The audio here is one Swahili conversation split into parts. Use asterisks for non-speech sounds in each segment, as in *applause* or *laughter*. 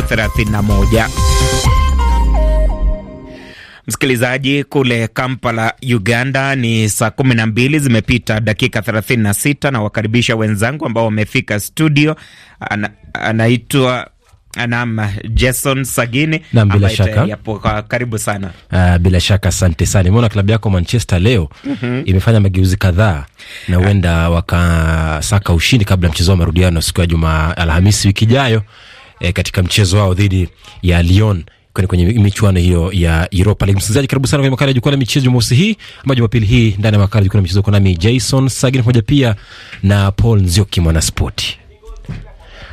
31. Msikilizaji, kule Kampala, Uganda ni saa kumi na mbili zimepita dakika 36. Nawakaribisha wenzangu ambao wamefika studio. Ana, anaitwa Naam, Jason Sagini na bila shaka yapo, karibu sana. Uh, bila shaka asante sana. imeona klabu yako Manchester leo mm -hmm. imefanya mageuzi kadhaa na huenda wakasaka ushindi kabla ya mchezo wa marudiano siku ya Jumaa Alhamisi wiki ijayo e, katika mchezo wao dhidi ya Lyon kwenye, kwenye michuano hiyo ya Europa League. Msikilizaji, karibu sana kwenye makala ya jukwaa la michezo Jumamosi hii ama Jumapili hii ndani ya makala ya jukwaa la michezo, kwa nami Jason Sagini pamoja pia na Paul Nzioki mwanaspoti.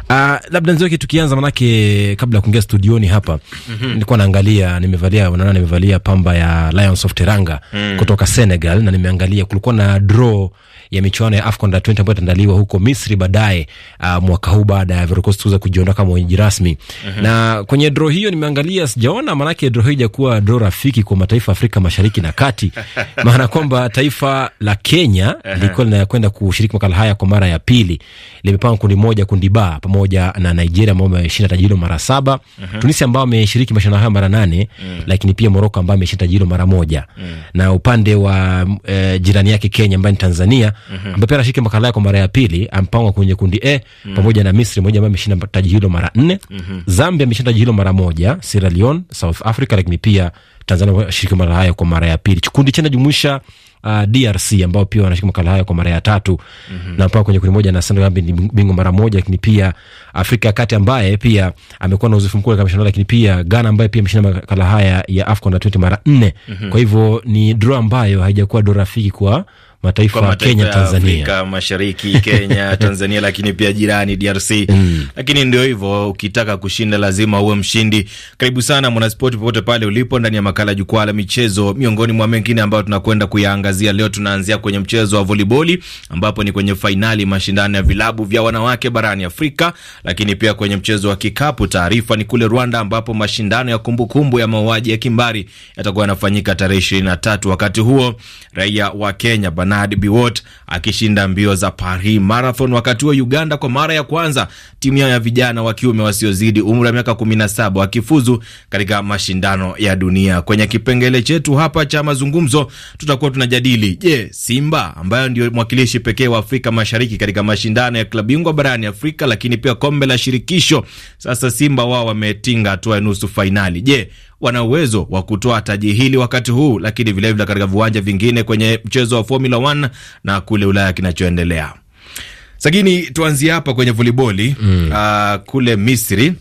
Uh, labda Nzioki, tukianza manake, kabla ya kuingia studioni hapa mm -hmm. nilikuwa naangalia, nimevalia unaona, nimevalia pamba ya Lions of Teranga mm. kutoka Senegal na nimeangalia kulikuwa na draw ya michuano ya AFCON da 20 ambayo itaandaliwa huko Misri baadaye uh, mwaka huu baada ya Vorokost kuweza kujiondoa kama wenyeji rasmi. Uh-huh. Na kwenye dro hiyo nimeangalia sijaona, maanake dro hiyo ijakuwa dro rafiki kwa mataifa Afrika Mashariki na Kati *laughs* maana kwamba taifa la Kenya lilikuwa linakwenda kushiriki makala haya kwa mara ya pili, limepanga kundi moja, kundi ba pamoja na Nigeria ambao wameshinda tajiri mara saba. Uh-huh. Tunisia ambao wameshiriki mashindano haya mara nane. Mm. Lakini pia Moroko ambao wameshinda tajiri mara moja. Mm. Na upande wa e, jirani yake Kenya ambaye ni Tanzania Mhm. ambaye pia anashika makala yako mara ya pili, amepangwa kwenye kundi A mhm. pamoja na Misri moja ambayo imeshinda taji hilo mara nne mhm. Zambia imeshinda taji hilo mara moja, Sierra Leone, South Africa, lakini pia Tanzania wanashiriki makala haya kwa mara ya pili. Kundi cha najumuisha Uh, DRC ambao pia wanashika makala hayo kwa mara ya tatu mm -hmm. na pia kwenye kundi moja na Senegal ni bingwa mara moja, lakini pia Afrika ya Kati ambaye pia amekuwa na uzoefu mkubwa katika mashindano, lakini pia Ghana ambaye pia ameshinda makala haya ya AFCON na 20 mara nne mm -hmm. kwa hivyo ni draw ambayo haijakuwa draw rafiki kwa mataifa, ya Kenya, Tanzania, Afrika Mashariki, *laughs* Kenya, Tanzania, lakini pia jirani DRC mm. Lakini ndio hivyo, ukitaka kushinda lazima uwe mshindi. Karibu sana mwanaspoti, popote pale ulipo, ndani ya makala jukwaa la michezo. Miongoni mwa mengine ambayo tunakwenda kuyaangazia leo, tunaanzia kwenye mchezo wa voliboli, ambapo ni kwenye fainali mashindano ya vilabu vya wanawake barani Afrika, lakini pia kwenye mchezo wa kikapu, taarifa ni kule Rwanda, ambapo mashindano ya kumbukumbu kumbu ya mauaji ya kimbari yatakuwa yanafanyika tarehe 23. Wakati huo raia wa Kenya Bernard Biwot akishinda mbio za Paris Marathon. Wakati huo Uganda kwa mara ya kwanza timu yao ya vijana wa kiume wasiozidi umri wa miaka 17 wakifuzu katika mashindano ya dunia. Kwenye kipengele chetu hapa cha mazungumzo tutakuwa tunajadili je, yeah, Simba ambayo ndio mwakilishi pekee wa Afrika Mashariki katika mashindano ya klabu bingwa barani Afrika, lakini pia kombe la shirikisho. Sasa Simba wao wametinga hatua ya nusu fainali. Je, yeah, wana uwezo wa kutoa taji hili wakati huu, lakini vilevile katika viwanja vingine kwenye mchezo wa Formula 1 na kule Ulaya kinachoendelea. Sakini, tuanzie hapa kwenye voliboli mm. Uh, kule Misri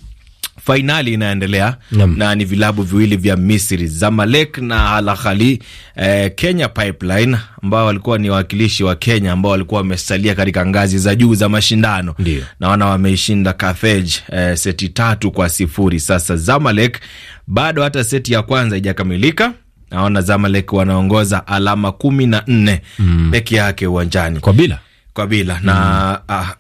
fainali inaendelea mm. na ni vilabu viwili vya Misri, Zamalek na Alahali Eh, Kenya Pipeline ambao walikuwa ni wawakilishi wa Kenya ambao walikuwa wamesalia katika ngazi za juu za mashindano, naona wameishinda Carthage eh, seti tatu kwa sifuri. Sasa Zamalek bado hata seti ya kwanza haijakamilika. Naona Zamalek wanaongoza alama kumi na nne mm. peke yake uwanjani kwa bila kwa bila na mm. ah,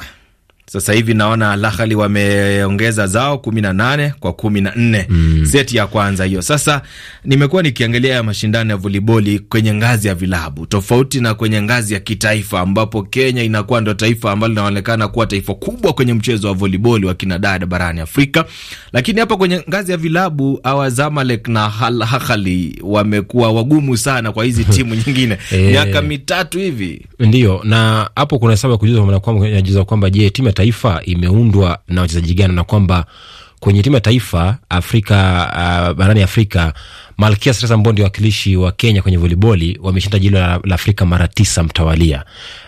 sasa hivi naona Lahali wameongeza zao kumi na nane kwa kumi na nne mm. seti ya kwanza hiyo. Sasa nimekuwa nikiangalia ya mashindano ya voliboli kwenye ngazi ya vilabu tofauti na kwenye ngazi ya kitaifa, ambapo Kenya inakuwa ndo taifa ambalo linaonekana kuwa taifa kubwa kwenye mchezo wa voliboli wa kinadada barani Afrika, lakini hapa kwenye ngazi ya vilabu hawa Zamalek na Lahali wamekuwa wagumu sana kwa hizi *laughs* timu nyingine eh. miaka e, mitatu hivi, ndio na hapo kuna sababu kujuza kwamba je timu taifa imeundwa na wachezaji gani, na kwamba kwenye timu ya taifa Afrika uh, barani Afrika, Malkia Sasa ambao ndio wakilishi wa Kenya kwenye voliboli wameshinda jilo la, la Afrika mara tisa mtawalia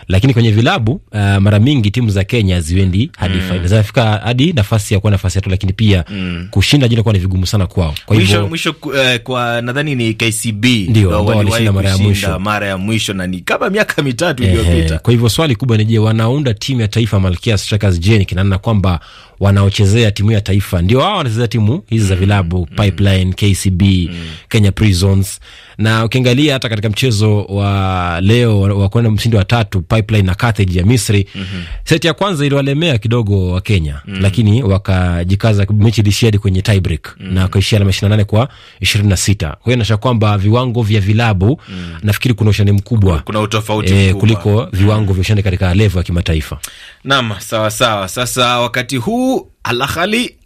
lakini kwenye vilabu uh, mara mingi timu za Kenya ziwendi hadi mm. fainali, zinafika hadi nafasi ya kuwa nafasi ya tatu, lakini pia mm. kushinda jina kuwa ni vigumu sana kwao. Kwa hivyo mwisho, mwisho uh, eh, kwa nadhani ni KCB ndio walishinda mara ya mwisho, mara ya mwisho na ni kama miaka mitatu iliyopita. Kwa hivyo swali kubwa ni je, wanaunda timu ya taifa Malkia Strikers je, kinaona kwamba wanaochezea timu ya taifa ndio hao wanachezea timu hizi za mm, vilabu mm. Pipeline, KCB mm. Kenya Prisons, na ukiangalia hata katika mchezo wa leo wa kwenda mshindi wa tatu Pipeline na Carthage ya Misri. mm -hmm. Seti ya kwanza iliwalemea kidogo wa Kenya mm -hmm. lakini wakajikaza, mechi ilishia hadi kwenye tie break. mm -hmm. na wakaishia alama nane kwa 26. Kwa hiyo inaonyesha kwamba viwango vya vilabu mm -hmm. nafikiri kuna ushindani mkubwa, kuna utofauti e, kuliko mhm. viwango vya ushindani katika level ya kimataifa. Naam, sawa sawa. Sasa wakati huu Al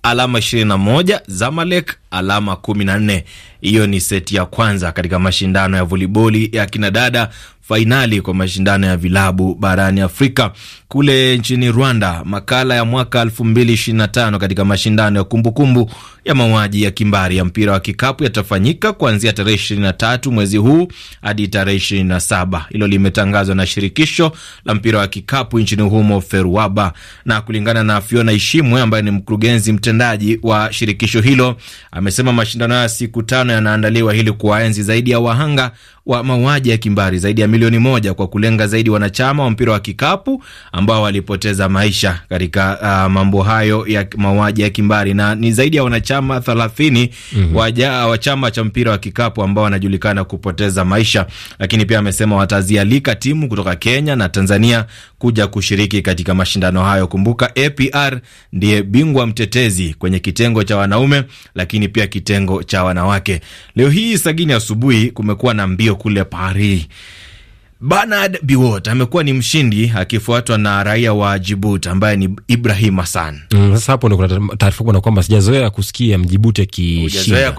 alama 21, Zamalek alama 14. Hiyo ni seti ya kwanza katika mashindano ya voliboli ya kinadada fainali kwa mashindano ya vilabu barani Afrika kule nchini Rwanda makala ya mwaka 2025 katika mashindano ya kumbukumbu ya mauaji ya kimbari ya mpira wa kikapu yatafanyika kuanzia tarehe 23 mwezi huu hadi tarehe 27. Hilo limetangazwa na shirikisho la mpira wa kikapu nchini humo Feruaba, na kulingana na Fiona Ishimwe ambaye ni mkurugenzi mtendaji wa shirikisho hilo, amesema mashindano ya siku tano yanaandaliwa ili kuwaenzi zaidi ya wahanga wa mauaji ya kimbari zaidi ya milioni moja kwa kulenga zaidi wanachama wa mpira wa kikapu ambao walipoteza maisha katika uh, mambo hayo ya mauaji ya kimbari, na ni zaidi ya wanachama thelathini mm -hmm. wa chama cha mpira wa kikapu ambao wanajulikana kupoteza maisha, lakini pia amesema watazialika timu kutoka Kenya na Tanzania kuja kushiriki katika mashindano hayo. Kumbuka APR ndiye bingwa mtetezi kwenye kitengo cha wanaume, lakini pia kitengo cha wanawake. Leo hii sagini asubuhi kumekuwa na mbio kule Paris Bernard Biwot amekuwa ni mshindi akifuatwa na raia wa Jibuti ambaye ni Ibrahim Hassan. Mm, sasa hapo ndo kuna taarifa kuna kwamba sijazoea kusikia Mjibuti akishinda.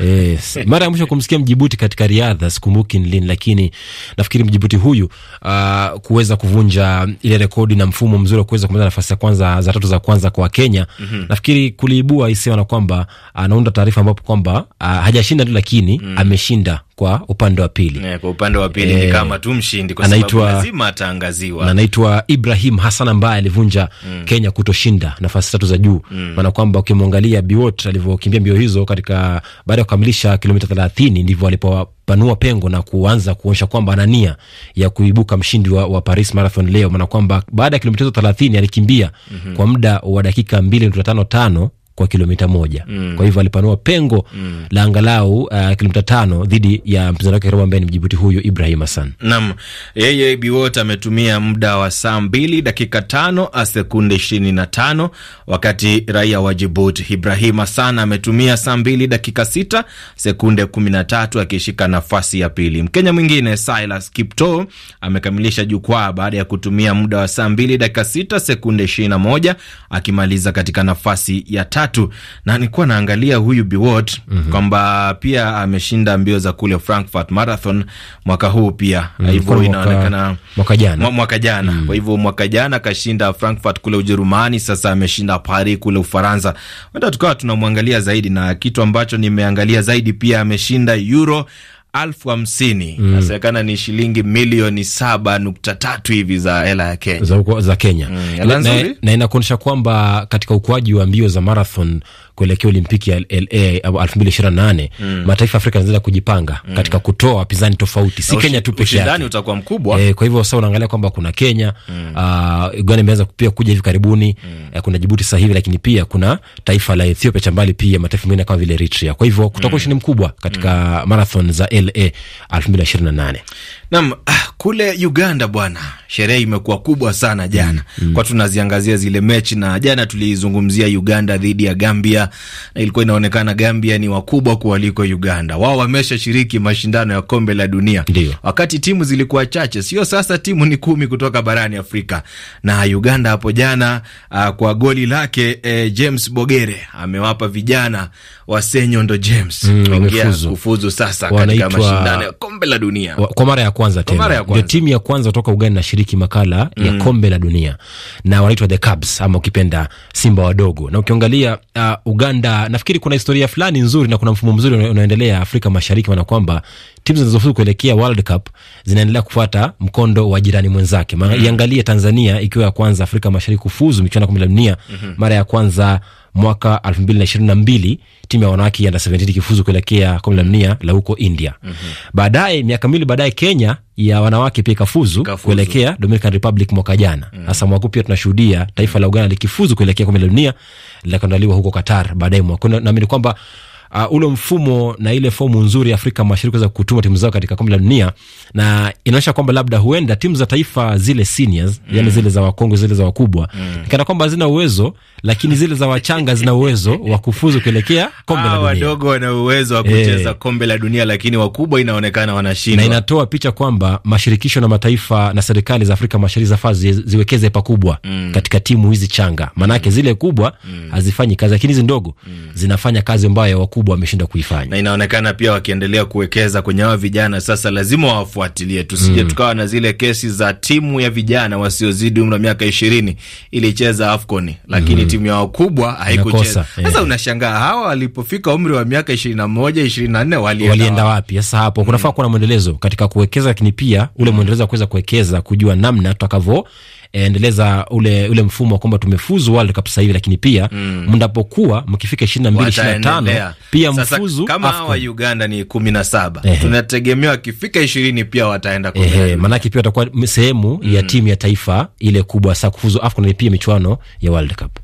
Yes. *laughs* Mara ya mwisho kumsikia Mjibuti katika riadha sikumbuki ni lini, lakini nafikiri Mjibuti huyu uh, kuweza kuvunja ile rekodi na mfumo mzuri wa kuweza kumaliza nafasi ya kwanza za tatu za kwanza kwa Kenya. Mm -hmm. Nafikiri kuliibua isiwa na kwamba uh, anaunda taarifa ambapo kwamba uh, hajashinda tu lakini mm. ameshinda kwa upande wa pili yeah, kwa upande wa pili e, ni eh, kama tu mshindi kwa sababu lazima ataangaziwa, na anaitwa Ibrahim Hassan ambaye alivunja mm. Kenya kutoshinda nafasi tatu za juu mm. maana kwamba ukimwangalia Biwot alivyokimbia mbio hizo katika baada ya kukamilisha kilomita thelathini ndivyo alipo panua pengo na kuanza kuonyesha kwamba ana nia ya kuibuka mshindi wa, wa Paris Marathon leo, maana kwamba baada ya kilomita hizo thelathini alikimbia mm -hmm. kwa muda wa dakika mbili nukta tano tano kwa kilomita moja mm. Kwa hivyo alipanua pengo mm. la angalau uh, kilomita tano dhidi ya mpinzani wake karibu ambaye ni Mjibuti huyu Ibrahim Hassan. Naam, yeye Biwott ametumia muda wa saa mbili dakika tano a sekunde ishirini na tano wakati raia wa Jibuti Ibrahim Hassan ametumia saa mbili dakika sita sekunde kumi na tatu akishika nafasi ya pili. Mkenya mwingine Silas Kipto amekamilisha jukwaa baada ya kutumia muda wa saa mbili dakika sita sekunde ishirini na moja akimaliza katika nafasi ya tatu tatu, na nilikuwa naangalia huyu mm -hmm. kwamba pia ameshinda mbio za kule Frankfurt Marathon mwaka huu pia mm, hivyo inaonekana mwaka jana mwaka jana mm. kwa hivyo mwaka jana akashinda Frankfurt kule Ujerumani, sasa ameshinda Paris kule Ufaransa. Wenda tukawa tunamwangalia zaidi, na kitu ambacho nimeangalia zaidi pia ameshinda Euro alfu hamsini mm. nasemekana ni shilingi milioni saba nukta tatu hivi za hela ya Kenya za, za Kenya mm. na, yaani na inakuonyesha kwamba katika ukuaji wa mbio za marathon kuelekea Olimpiki ya LA au elfu mbili ishirini nane mm. mataifa ya Afrika yanaanza kujipanga mm. katika kutoa wapinzani tofauti, si Kenya tu peke yake, utakuwa mkubwa e. Kwa hivyo sasa unaangalia kwamba kuna Kenya mm. uh, Uganda imeanza pia kuja hivi karibuni mm. eh, kuna Jibuti sasa hivi, lakini pia kuna taifa la Ethiopia cha mbali, pia mataifa mengine kama vile Eritrea. Kwa hivyo kutakuwa mm. ushindi mkubwa katika mm. marathon za LA elfu mbili ishirini na nane nam ah, kule Uganda bwana, sherehe imekuwa kubwa sana jana mm. kwa tunaziangazia zile mechi na jana tuliizungumzia Uganda dhidi ya Gambia na ilikuwa inaonekana Gambia ni wakubwa kuliko Uganda. Wao wameshashiriki mashindano ya kombe la dunia Ndiyo. wakati timu zilikuwa chache, sio sasa timu ni kumi kutoka barani Afrika na Uganda hapo jana uh, kwa goli lake eh, James Bogere amewapa vijana Wasenyondo James mm, kufuzu sasa katika mashindano ya kombe la dunia kwa mara ya kwanza tena ndio timu ya kwanza kutoka Uganda inashiriki makala mm, ya kombe la dunia na wanaitwa the Cubs ama ukipenda simba wadogo. Na ukiangalia uh, Uganda nafikiri kuna historia fulani nzuri na kuna mfumo mzuri unaoendelea Afrika Mashariki, maana kwamba timu zinazofuzu kuelekea World Cup zinaendelea kufuata mkondo wa jirani mwenzake. Mm. Iangalie mm, Tanzania ikiwa ya kwanza Afrika Mashariki kufuzu michuano ya kombe la dunia mm -hmm, mara ya kwanza mwaka 2022 timu ya wanawake ya under 17 kifuzu kuelekea kombe la dunia la huko India. mm -hmm. Baadaye miaka miwili baadaye Kenya ya wanawake pia ikafuzu kuelekea Dominican Republic mwaka jana. mm -hmm. mwaka pia tunashuhudia taifa la Uganda likifuzu kuelekea kombe la dunia linaloandaliwa huko Qatar baadaye mwaka. Naamini kwamba uh, ule mfumo na ile fomu nzuri Afrika Mashariki za kutuma timu zao katika kombe la dunia, na inaonyesha kwamba labda huenda timu za taifa zile seniors, mm. yani zile za wakongwe zile za wakubwa mm. kana kwamba hazina uwezo, lakini zile za wachanga zina uwezo *laughs* wa kufuzu kuelekea kombe la dunia. Wadogo wana uwezo wa kucheza e. kombe la dunia, lakini wakubwa inaonekana wanashindwa, na inatoa picha kwamba mashirikisho na mataifa na serikali za Afrika Mashariki zafaa ziwekeze pakubwa mm. katika timu hizi changa, maanake mm. zile kubwa mm. hazifanyi kazi, lakini hizi ndogo mm. zinafanya kazi ambayo kubwa wameshinda kuifanya, na inaonekana pia wakiendelea kuwekeza kwenye hawa vijana sasa, lazima wawafuatilie, tusije mm, tukawa na zile kesi za timu ya vijana wasiozidi umri wa miaka ishirini ilicheza AFCON lakini mm, timu yao kubwa haikucheza. Sasa unashangaa hawa walipofika umri wa miaka ishirini na moja ishirini na nne walienda wapi? Sasa hapo kunafaa mm. kuwa na mwendelezo katika kuwekeza, lakini pia ule mwendelezo wa kuweza kuwekeza, kujua namna tutakavyo endeleza ule ule mfumo wa kwamba tumefuzu World Cup sasa hivi, lakini pia mm. mnapokuwa mm. mkifika 22 tano pia sasa, mfuzu kama Afcon. Wa Uganda ni 17 tunategemea wakifika ishirini pia wataenda kwa eh, maana pia watakuwa sehemu mm. ya timu ya taifa ile kubwa sasa kufuzu Afcon, na pia michuano ya World Cup.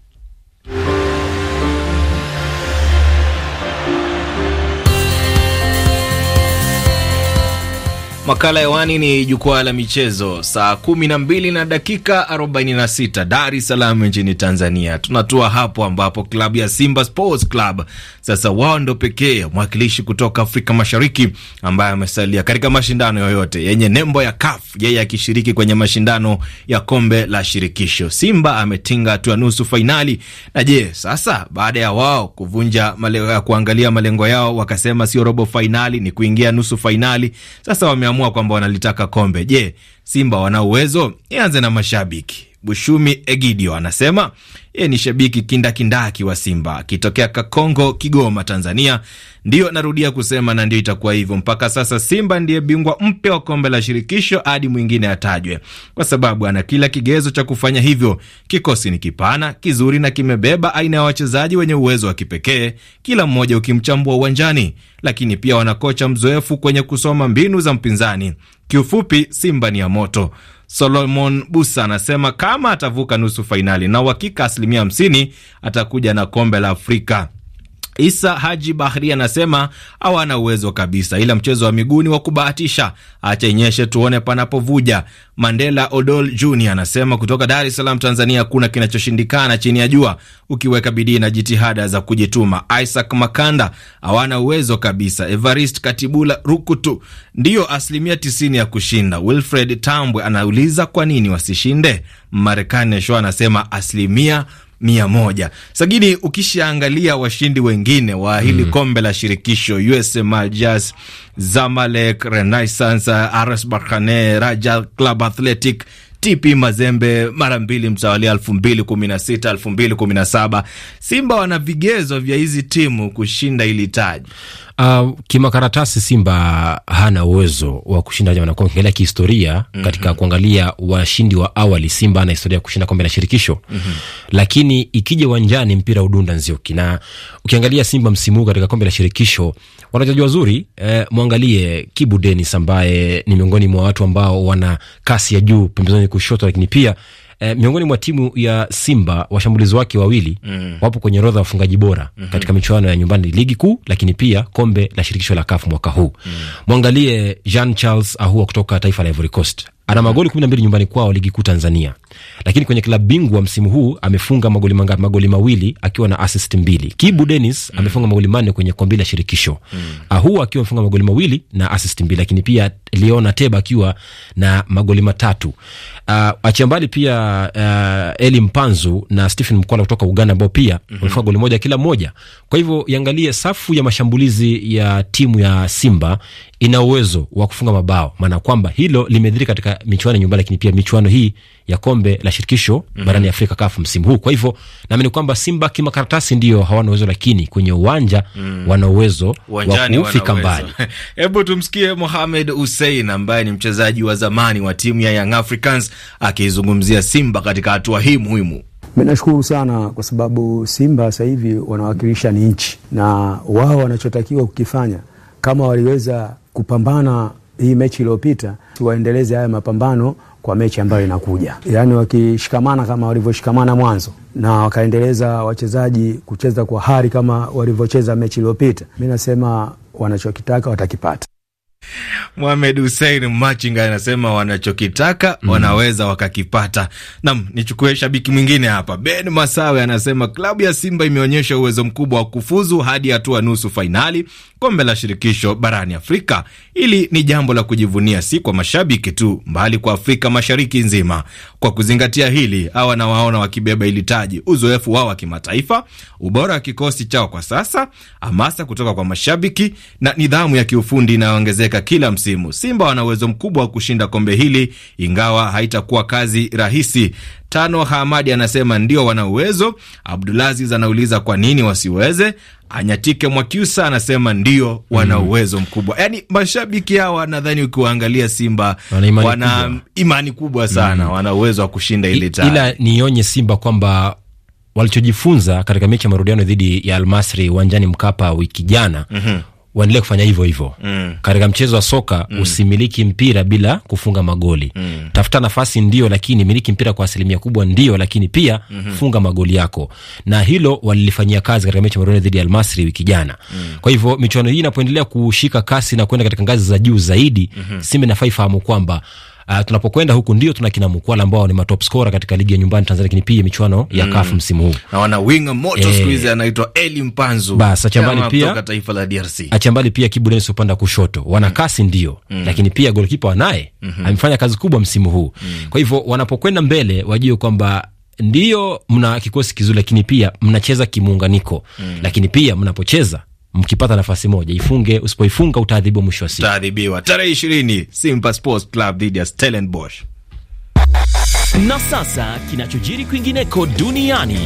Makala hewani ni jukwaa la michezo, saa kumi na mbili na dakika arobaini na sita Dar es Salaam nchini Tanzania. Tunatua hapo ambapo klabu ya Simba Sports Club sasa wao ndo pekee mwakilishi kutoka Afrika Mashariki ambaye amesalia katika mashindano yoyote yenye nembo ya CAF, yeye akishiriki kwenye mashindano ya kombe la shirikisho. Simba ametinga hatua nusu fainali. Na je, sasa baada ya wao kuvunja male, kuangalia malengo yao wakasema sio robo fainali, ni kuingia nusu fainali. Sasa wame wameamua kwamba wanalitaka kombe. Je, Simba wana uwezo? Ianze na mashabiki. Bushumi Egidio anasema yeye ni shabiki kindakindaki wa Simba akitokea Kakongo, Kigoma, Tanzania. Ndiyo narudia kusema na ndio itakuwa hivyo mpaka sasa. Simba ndiye bingwa mpya wa kombe la shirikisho hadi mwingine atajwe, kwa sababu ana kila kigezo cha kufanya hivyo. Kikosi ni kipana, kizuri na kimebeba aina ya wachezaji wenye uwezo wa kipekee, kila mmoja ukimchambua uwanjani, lakini pia wanakocha mzoefu kwenye kusoma mbinu za mpinzani. Kiufupi, Simba ni ya moto. Solomon Busa anasema kama atavuka nusu fainali na uhakika asilimia hamsini atakuja na kombe la Afrika. Isa Haji Bahri anasema hawana uwezo kabisa, ila mchezo wa miguu ni wa kubahatisha. Acha inyeshe tuone panapovuja. Mandela Odol Junior anasema kutoka Dar es Salaam, Tanzania, hakuna kinachoshindikana chini ya jua ukiweka bidii na jitihada za kujituma. Isaac Makanda, hawana uwezo kabisa. Evarist Katibula Rukutu, ndiyo asilimia tisini ya kushinda. Wilfred Tambwe anauliza kwa nini wasishinde. Marekani Show anasema asilimia mia moja. Sagini, ukishaangalia washindi wengine wa hili mm. kombe la shirikisho USM Aljas, Zamalek, Renaissance, RS Berkane, Raja Club Athletic TP Mazembe mara mbili mtawalia, elfu mbili kumi na sita elfu mbili kumi na saba Simba wana vigezo vya hizi timu kushinda hili taji. Uh, kimakaratasi Simba hana uwezo wa kushinda jana, kwa kuangalia kihistoria mm -hmm. Katika kuangalia washindi wa awali, Simba ana historia kushinda kombe la shirikisho mm -hmm. Lakini ikija uwanjani, mpira udunda Nzioki, na ukiangalia Simba msimu huu katika kombe la shirikisho, wanachezaji wazuri eh, mwangalie Kibu Denis ambaye ni miongoni mwa watu ambao wana kasi ya juu pembezoni kushoto, lakini pia eh, miongoni mwa timu ya Simba washambulizi wake wawili mm. wapo kwenye orodha ya wafungaji bora mm -hmm. katika michuano ya nyumbani ligi kuu, lakini pia kombe la shirikisho la CAF mwaka huu mm. mwangalie Jean Charles Ahua kutoka taifa la Ivory Coast ana magoli kumi na mbili nyumbani kwao ligi kuu Tanzania, lakini kwenye klabu bingwa msimu huu amefunga magoli manga, Magoli mawili akiwa na assist mbili. Kibu Dennis mm. amefunga magoli manne kwenye kombe la shirikisho, mm. ahu akiwa amefunga magoli mawili na assist mbili, lakini pia Leona Teba akiwa na magoli matatu. Uh, Achia mbali pia uh, Eli Mpanzu na Stephen Mkwala kutoka Uganda ambao pia mm-hmm. wamefunga goli moja kila moja. Kwa hivyo iangalie safu ya mashambulizi ya timu ya Simba ina uwezo wa kufunga mabao, maana kwamba hilo limedhiri katika michuano nyumbani, lakini pia michuano hii ya kombe la shirikisho mm -hmm. barani Afrika kafu msimu huu. Kwa hivyo naamini kwamba Simba kimakaratasi ndio hawana uwezo, lakini kwenye uwanja mm. wana uwezo wa kufika mbali. *laughs* Hebu tumsikie Mohamed Hussein ambaye ni mchezaji wa zamani wa timu ya Young Africans akizungumzia Simba katika hatua hii muhimu. Mi nashukuru sana kwa sababu Simba sasa hivi wanawakilisha ni nchi, na wao wanachotakiwa kukifanya kama waliweza kupambana hii mechi iliyopita, waendeleze haya mapambano kwa mechi ambayo inakuja, yaani wakishikamana kama walivyoshikamana mwanzo na wakaendeleza wachezaji kucheza kwa hari kama walivyocheza mechi iliyopita, mi nasema wanachokitaka watakipata. Mohamed Hussein Machinga anasema wanachokitaka mm, wanaweza wakakipata. Nam, nichukue shabiki mwingine hapa. Ben Masawe anasema klabu ya Simba imeonyesha uwezo mkubwa wa kufuzu hadi hatua nusu fainali kombe la shirikisho barani Afrika. Hili ni jambo la kujivunia, si kwa mashabiki tu, mbali kwa Afrika Mashariki nzima. Kwa kuzingatia hili, hawa nawaona wakibeba ili taji, uzoefu wao wa kimataifa, ubora wa kikosi chao kwa sasa, hamasa kutoka kwa mashabiki na nidhamu ya kiufundi inayoongezeka kila msimu. Simba wana uwezo mkubwa wa kushinda kombe hili, ingawa haitakuwa kazi rahisi. Tano Hamadi anasema ndio wana uwezo. Abdulaziz anauliza kwa nini wasiweze. Anyatike Mwakiusa anasema ndio wana mm. uwezo mkubwa. Yani mashabiki hawa, nadhani ukiwaangalia Simba wana imani, wana kubwa, imani kubwa sana mm, wana uwezo wa kushinda ile taa, ila nionye Simba kwamba walichojifunza katika mechi ya marudiano dhidi ya Almasri uwanjani Mkapa wiki jana, mm -hmm waendelee kufanya hivyo hivyo mm. Katika mchezo wa soka mm. usimiliki mpira bila kufunga magoli mm. Tafuta nafasi ndio, lakini miliki mpira kwa asilimia kubwa ndio, lakini pia mm -hmm. funga magoli yako, na hilo walilifanyia kazi katika mechi marone dhidi ya Almasri wiki jana mm. Kwa hivyo michuano hii inapoendelea kushika kasi na kwenda katika ngazi za juu zaidi mm -hmm. Simba inafaa ifahamu kwamba Uh, tunapokwenda huku ndio tuna kina Mukwala ambao ni matop skora katika ligi ya nyumbani Tanzania, lakini pia michuano ya mm. CAF msimu huu na wana wing moto e, siku hizi eh. anaitwa Eli Mpanzu basi, achambali pia kutoka taifa la DRC, achambali pia Kibu Denis upanda kushoto, wana mm. kasi ndio mm. lakini pia golkipa wanaye mm -hmm. amefanya kazi kubwa msimu huu mm. kwa hivyo wanapokwenda mbele wajue kwamba ndio mna kikosi kizuri, lakini pia mnacheza kimuunganiko mm. lakini pia mnapocheza mkipata nafasi moja ifunge, usipoifunga utaadhibiwa mwisho wa siku. Utaadhibiwa tarehe ishirini Simba Sports Club dhidi ya Stellenbosch. Na sasa kinachojiri kwingineko duniani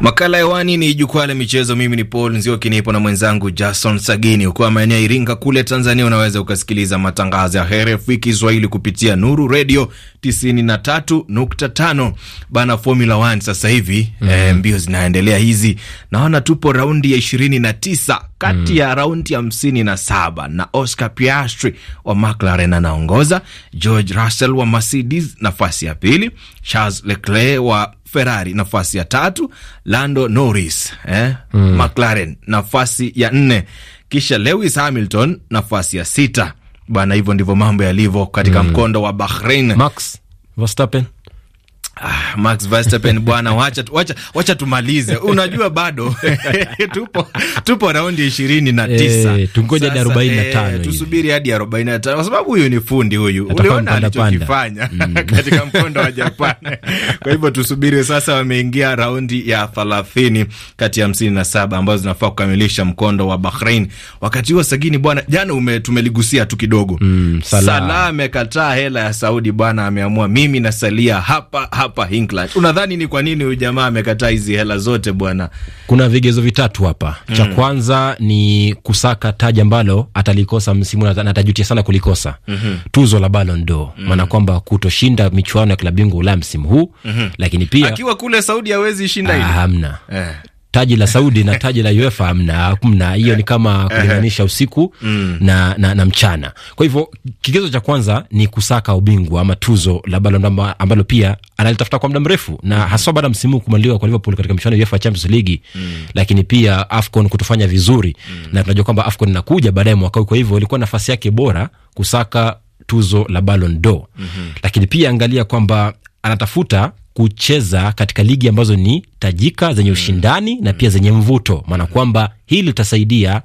Makala hewani ni jukwaa la michezo. Mimi ni Paul Nzioki, nipo na mwenzangu Jason Sagini. Ukiwa maeneo ya Iringa kule Tanzania, unaweza ukasikiliza matangazo ya RFI Kiswahili kupitia Nuru Redio 93.5. Bana, Formula 1 sasa hivi mm -hmm. E, mbio zinaendelea hizi, naona tupo raundi ya 29 kati mm. ya raundi ya hamsini na saba na Oscar Piastri wa McLaren anaongoza, George Russell wa Mercedes nafasi ya pili, Charles Leclerc wa Ferrari nafasi ya tatu, Lando Norris eh, mm. McLaren nafasi ya nne, kisha Lewis Hamilton nafasi ya sita. Bwana, hivyo ndivyo mambo yalivyo katika mm. mkondo wa Bahrain. Max Verstappen Ah, Max Verstappen bwana, wacha, wacha, wacha tumalize. Unajua bado *laughs* tupo, tupo raundi ishirini na eh, tisa e, tungoja hadi arobaini na tano e, tusubiri hadi arobaini na tano kwa sababu huyu ni fundi huyu, uliona alichokifanya mm. *laughs* katika mkondo wa Japan kwa hivyo tusubiri sasa, wameingia raundi ya thelathini kati ya hamsini na saba ambazo zinafaa kukamilisha mkondo wa Bahrain. Wakati huo sagini bwana, jana ume, tumeligusia tu kidogo mm, Salah amekataa hela ya Saudi bwana, ameamua mimi nasalia hapa, hapa hapa England. Unadhani ni kwa nini huyu jamaa amekataa hizi hela zote bwana? Kuna vigezo vitatu hapa. Cha mm. kwanza ni kusaka taji ambalo atalikosa msimu na atajutia sana kulikosa. Mm -hmm. Tuzo la Ballon d'Or. Mm -hmm. Maana kwamba kutoshinda michuano ya klabu bingwa Ulaya msimu huu. Mm -hmm. Lakini pia akiwa kule Saudi hawezi shinda ile. Ah, hamna. Eh taji la Saudi na taji la UEFA hamna, hamna. Hiyo ni kama kulinganisha usiku mm. na, na, na mchana. Kwa hivyo kigezo cha kwanza ni kusaka ubingwa ama tuzo la Ballon ambalo pia analitafuta kwa muda mrefu na mm. haswa baada ya msimu kumaliwa kwa Liverpool katika michuano ya UEFA Champions League mm. lakini pia AFCON kutofanya vizuri mm. na tunajua kwamba AFCON inakuja baadaye mwaka huu, kwa hivyo ilikuwa nafasi yake bora kusaka tuzo la Ballon d'Or. Mm -hmm. Lakini pia angalia kwamba anatafuta kucheza katika ligi ambazo ni tajika zenye mm. ushindani mm. na pia mm. zenye mvuto, maana mm. kwamba hili litasaidia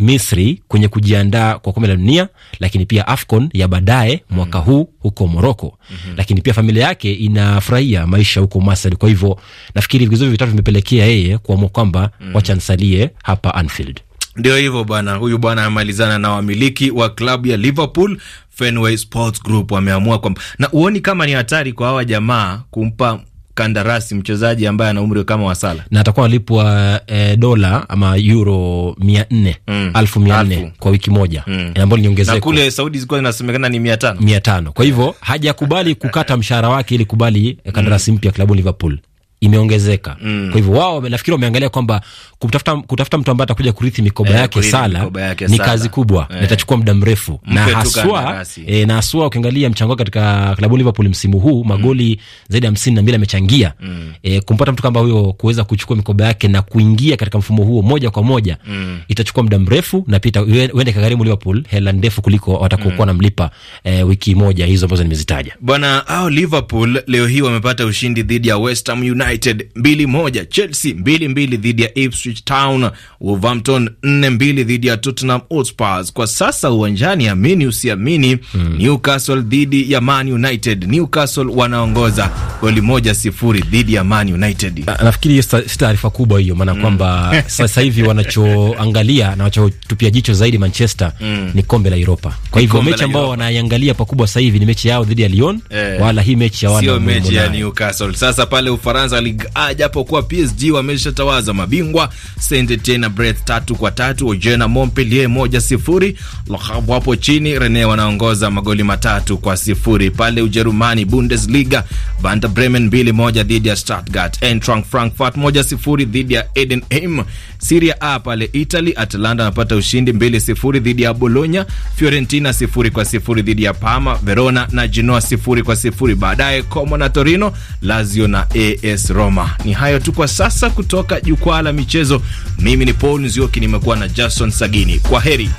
Misri kwenye kujiandaa kwa kombe la dunia, lakini pia AFCON ya baadaye mwaka huu huko Moroko. mm -hmm. Lakini pia familia yake inafurahia maisha huko Masri. Kwa hivyo nafikiri vigezo vitatu vimepelekea yeye kuamua kwamba mm -hmm. wacha nisalie hapa Anfield. Ndio hivyo bwana, huyu bwana amemalizana na wamiliki wa klabu ya Liverpool Fenway Sports Group, wameamua kwamba, na uoni kama ni hatari kwa hawa jamaa kumpa kandarasi mchezaji ambaye ana umri kama wasala na atakuwa alipwa e, dola ama euro mia nne mm, alfu mia nne kwa wiki moja mm, eh, ambao ni ongezeko na kule Saudi zilikuwa zinasemekana ni mia tano mia tano Kwa hivyo hajakubali kukata mshahara wake ili kubali eh, kandarasi mm. mpya klabu Liverpool imeongezeka mm. Kwa hivyo wao nafikiri wameangalia kwamba kutafuta, kutafuta mtu ambaye atakuja kurithi mikoba, e, yake sala yake ni sala. Kazi kubwa e. Itachukua muda mrefu na haswa, e, na haswa ukiangalia mchango wake katika klabu Liverpool msimu huu magoli mm. zaidi ya hamsini na mbili amechangia mm. e, kumpata mtu kama huyo kuweza kuchukua mikoba yake na kuingia katika mfumo huo moja kwa moja mm. Itachukua muda mrefu na pia huenda ikagharimu Liverpool hela ndefu kuliko watakokuwa mm. namlipa e, wiki moja hizo ambazo nimezitaja bwana. Au Liverpool leo hii wamepata ushindi dhidi ya West Ham United United 2-1, Chelsea 2-2 dhidi ya Ipswich Town, Wolverhampton 4-2 dhidi ya Tottenham Hotspur. Kwa sasa uwanjani, amini usiamini, mm. Newcastle dhidi ya Man United, Newcastle wanaongoza goli moja sifuri dhidi ya Man United. Na, nafikiri si taarifa kubwa hiyo, maana hmm. kwamba sasa *laughs* hivi wanachoangalia na wanachotupia jicho zaidi Manchester mm. ni kombe la Europa. Kwa hivyo mechi ambao wanaiangalia pakubwa sasa hivi ni mechi yao dhidi ya Lyon, eh, wala hii mechi ya wana sio mechi ya Newcastle. Sasa pale Ufaransa kucheza Ligue A japo kuwa PSG wameshatawaza mabingwa. Saint-Etienne na Brest tatu kwa tatu, Ojena na Montpellier moja sifuri, Le Havre wapo chini, Rene wanaongoza magoli matatu kwa sifuri. Pale Ujerumani Bundesliga, Werder Bremen mbili moja dhidi ya Stuttgart, Eintracht Frankfurt moja sifuri dhidi ya Eden Heim. Serie A pale Italy, Atalanta anapata ushindi mbili sifuri dhidi ya Bologna, Fiorentina sifuri kwa sifuri dhidi ya Parma, Verona na Genoa sifuri kwa sifuri. Baadaye Como na Torino, Lazio na AS Roma. Ni hayo tu kwa sasa kutoka jukwaa la michezo. Mimi ni Paul Nzioki, nimekuwa na Jason Sagini. Kwa heri.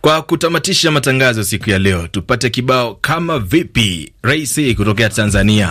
Kwa kutamatisha matangazo siku ya leo, tupate kibao kama vipi raisi kutokea Tanzania.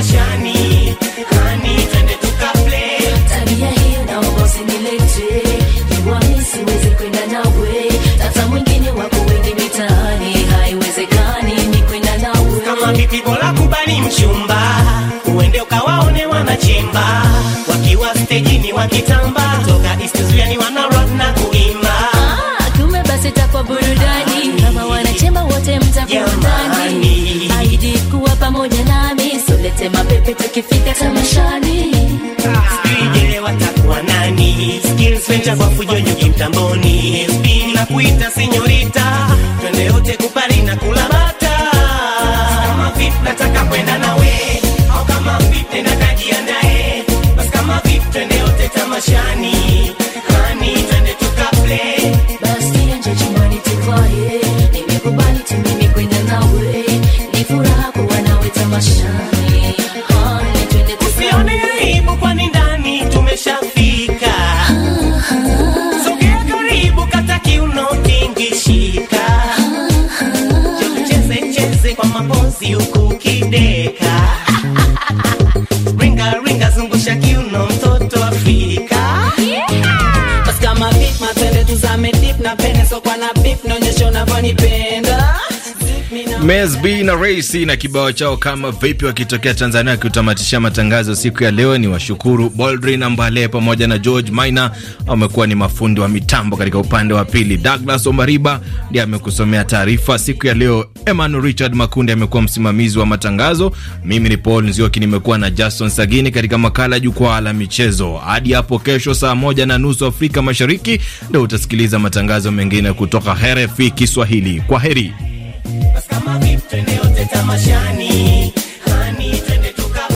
shine Ukifika tamashani watakuwa nani? Skills venture kwa fujo nyuki mtamboni. kuita sinyorita, twende wote kupa na pene so kwa na bip naonyesha unavonipenda mesb B na Raisi na kibao chao kama vipi, wakitokea Tanzania. wakiutamatishia matangazo siku ya leo, ni washukuru na Mbale pamoja na George Maina, wamekuwa ni mafundi wa mitambo katika upande wa pili. Douglas Omariba ndiye amekusomea taarifa siku ya leo. Emmanuel Richard Makundi amekuwa msimamizi wa matangazo. Mimi ni Paul Nzioki, nimekuwa na Jason Sagini katika makala ya jukwaa la michezo. Hadi hapo kesho saa moja na nusu Afrika Mashariki ndo utasikiliza matangazo mengine kutoka RFI Kiswahili. Kwa heri basi kama vipi, twende wote tamashani